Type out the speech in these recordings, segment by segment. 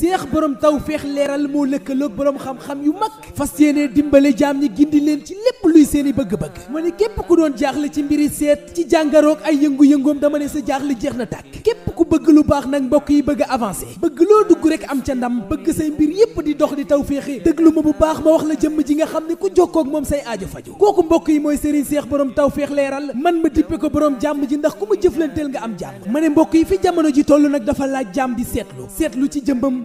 seex borom taw feex leeral moo lëkkaloog borom xam-xam yu mag fas yéene dimbale jaam ñi gindi leen ci lépp luy seeni bëgg-bëgg ma ne képp ku doon jaaxle ci mbiri seet ci jàngaroog ay yëngu-yëngoom dama ne sa jaaxle jeex na tàkk képp ku bëgg lu baax nag mbokk yi bëgg a bëgg loo dugg rek am ca ndam bëgg say mbir yépp di dox di taw féexe dëglu ma bu baax ma wax la jëmm ji nga xam ne ku jokkoo moom say aajo faju kooku mbokk yi mooy Serigne Seex borom taw feex leeral man ma dippe ko borom jàmm ji ndax ku ma jëflanteel nga am jàmm ma ne mbokk yi fi jamono ji toll nag dafa laaj jàmm di seetlu seetlu ci jëmbam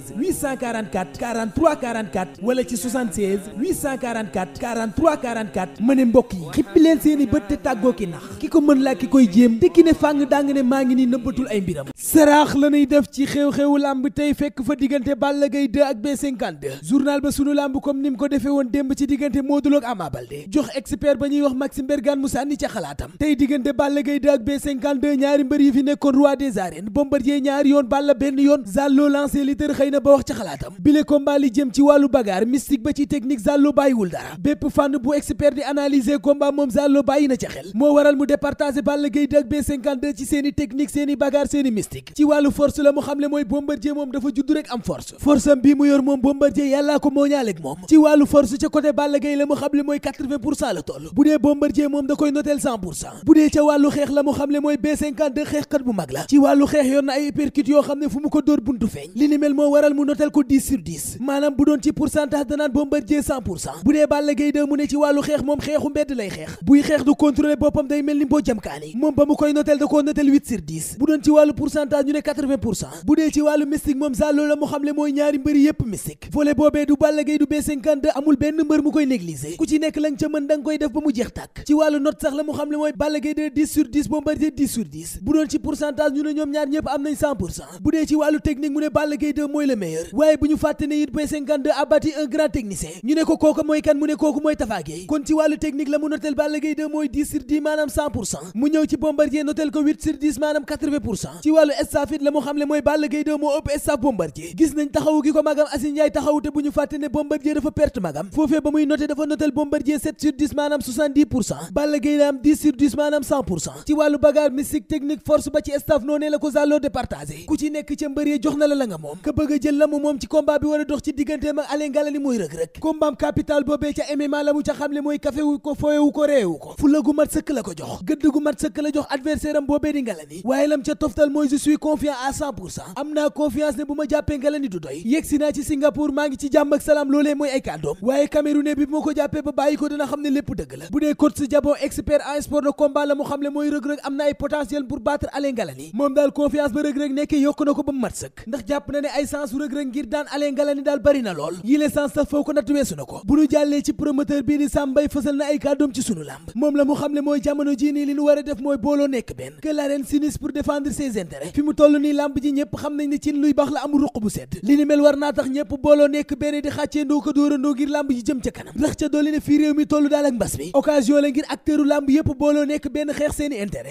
76 844 43 44 wala ci 76 844 43 44 ma ne mbokk yi xippi leen seeni bët te tàggoo ki nax ki ko mën laa ki koy jéem te ki ne fàng daa nga ne maa ngi nii nëbbatul ay mbiram saraax la ñuy def ci xew-xewu làmb tey fekk fa diggante Balla Gaye 2 ak B52 journal ba sunu làmb comme ni mu ko defee woon démb ci diggante Modou Lo ak Ama jox expert ba ñuy wax Maxime Bergane mu sànni ca xalaatam tey diggante Balla Gaye 2 ak B52 ñaari mbër yi fi nekkoon roi des arènes Bombardier ñaari yoon xëy na ba wax ci xalaatam bile combat li jëm ci wàllu bagaar mystique ba ci technique Zallo bàyyiwul dara bépp fànn bu expert di analyser combat moom Zallo bàyyi na ca xel moo waral mu départager Balla Gaye 2 ak B52 ci seeni technique seeni bagaar seeni mystique ci wàllu force la mu xamle mooy Bombardier moom dafa judd rek am force force am bii mu yor moom Bombardier yàllaa ko mooñaaleeg moom ci wàllu force ca côté Balla Gaye la mu xamle mooy 80 pour cent la toll bu dee Bombardier moom da koy la mu xamle mooy B52 mag la ci wàllu xeex yor yoo xam ne fu mu ko dóor buntu feeñ waral mu notal ko 10 sur 10 maanaam bu doon ci pourcentage danaan Bombardier bu dee Balla Gaye mu ne ci wàllu xeex moom xeexu mbedd lay xeex buy xeex du contrôler boppam day mel ni mboo jamkaani moom ba mu koy notel da koo notel bu doon ci wàllu pourcentage ñu ne 80 bu dee ci wàllu mystique moom sa loola mu xamle mooy ñaari mbëri yépp mystique volet boobee du Balla Gaye du B52 amul benn mbër mu koy négliger ku ci nekk lañ ca mën mooy waaye bu ñu fàtte ne it Boy 52 a bâti un grand technicien ñu ne ko kooku mooy kan mu ne kooku mooy Tapha kon ci wàllu technique la mu notel Balla Gaye mooy mooy ëpp staff Bombardier gis nañ taxawu gi ko magam Asin taxawu te bu ñu fàtte ne Bombardier dafa perte magam foofee ba muy noté dafa notel Bombardier 7 sur 10 maanaam 70 pour cent Balla Gaye la am 10 sur 10 ko zàlloo départagé ku ci nekk ca mbër yi jox bëgg a jël la mu moom ci combat bi war a dox ci digganteem ak Alain Ngalani muy Reug Reug combat capital boobee ca MMA la mu ca xamle mooy kafe ko foyewu ko reewu ko fula gu mat sëkk la ko jox gëdd gu mat sëkk la jox adversaire am di Ngalani waaye lam ca toftal mooy je suis confiant à pour cent am naa confiance ne bu ma jàppee Ngalani du doy yegg naa ci Singapour maa ngi ci jàmm ak salaam loolee mooy ay kàddoom waaye Camerounais bi bu dee ko ba sens su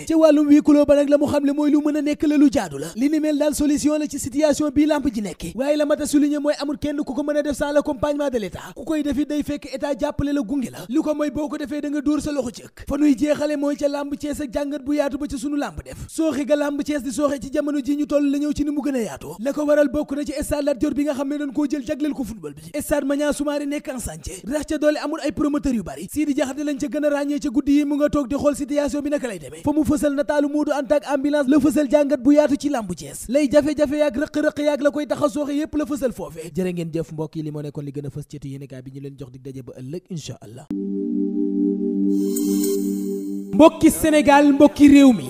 ci wàllum wii kuloo ba nag la mu xam mooy lu mën a nekk la lu jaadu la li daal solution la ci situation bii làmb ji nekk nekki waaye la mata souligner mooy amul kenn ku ko mën a def sans l'accompagnement de l'État ku koy defi day fekk état jàppale la gunge la li ko mooy boo ko defee da dóor sa loxo cëkk fa nuy jeexale mooy ca làmb Cees ak jàngat bu yaatu ba ca sunu làmb def sooxe ga làmb Cees di sooxe ci jamono ji ñu toll la ñëw ci ni mu gën a yaatoo la ko waral bokk na ci stade Lat bi nga xam ne doon koo jël jagleel ko football bi stade Maniang Soumaré nekk en chantier rax a jaxasoore yépp la fësal foofe jërë ngeen jëf mbokk yi li moo nekkoon li gën a fës ceetu yéenekaay bi ñu leen jox mbokki Sénégal mbokki réew mi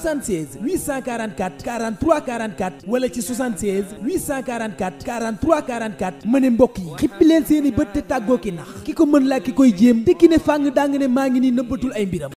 76 844 43 44 wala ci 76 844 43 44 ma ne mbokk yi xippi leen seen i bët te tàggoo ki nax ki ko mën laa ki koy jéem te ki ne fàng daa nga ne maa ngi nii nëbbatul ay mbiram.